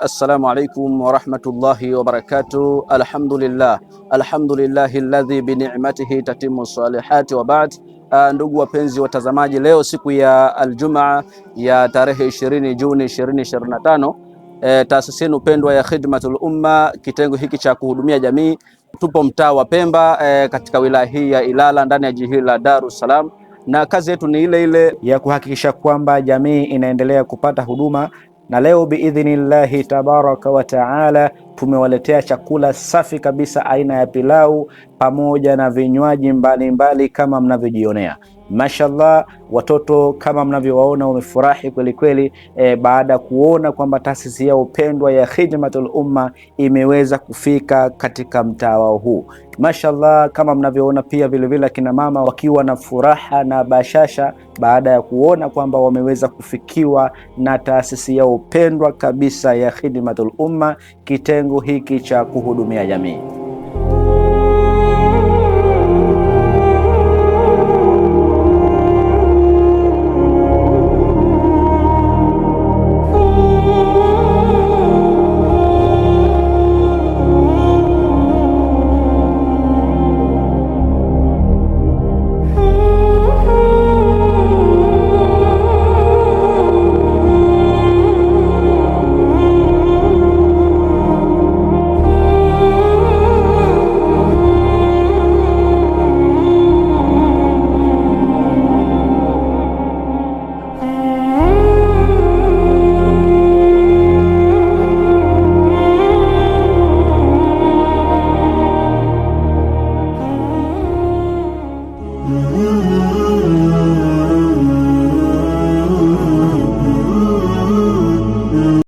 Assalamu alaikum warahmatullahi wabarakatuh. Alhamdulillah, alhamdulillahi ladhi bini'matihi tatimu salihati wa ba'd. Uh, ndugu wapenzi watazamaji, leo siku ya Aljumaa ya tarehe 20 Juni 2025, eh, taasisi yenu pendwa ya Khidmatul Umma, kitengo hiki cha kuhudumia jamii, tupo mtaa wa Pemba eh, katika wilaya hii ya Ilala ndani ya jiji la Dar es Salaam na kazi yetu ni ile ile ya kuhakikisha kwamba jamii inaendelea kupata huduma na leo biidhnillahi tabaraka wa taala tumewaletea chakula safi kabisa aina ya pilau pamoja na vinywaji mbalimbali kama mnavyojionea. Mashallah, watoto kama mnavyowaona wamefurahi kweli kweli, e, baada ya kuona kwamba taasisi yao pendwa ya Khidmatul Umma imeweza kufika katika mtaa wao huu. Mashallah, kama mnavyoona pia vilevile akina mama wakiwa na furaha na bashasha baada ya kuona kwamba wameweza kufikiwa na taasisi yao pendwa kabisa ya Khidmatul Umma, kitengo hiki cha kuhudumia jamii. Ooh.